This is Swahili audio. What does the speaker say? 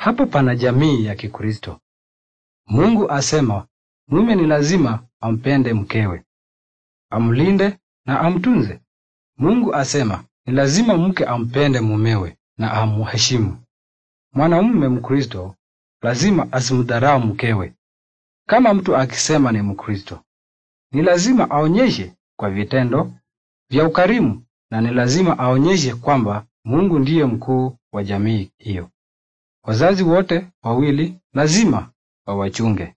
Hapa pana jamii ya Kikristo. Mungu asema mume ni lazima ampende mkewe, amlinde na amtunze. Mungu asema ni lazima mke ampende mumewe na amuheshimu Mwanamume Mkristo lazima asimdharau mkewe. Kama mtu akisema ni Mkristo, ni lazima aonyeshe kwa vitendo vya ukarimu na ni lazima aonyeshe kwamba Mungu ndiye mkuu wa jamii hiyo. Wazazi wote wawili lazima wawachunge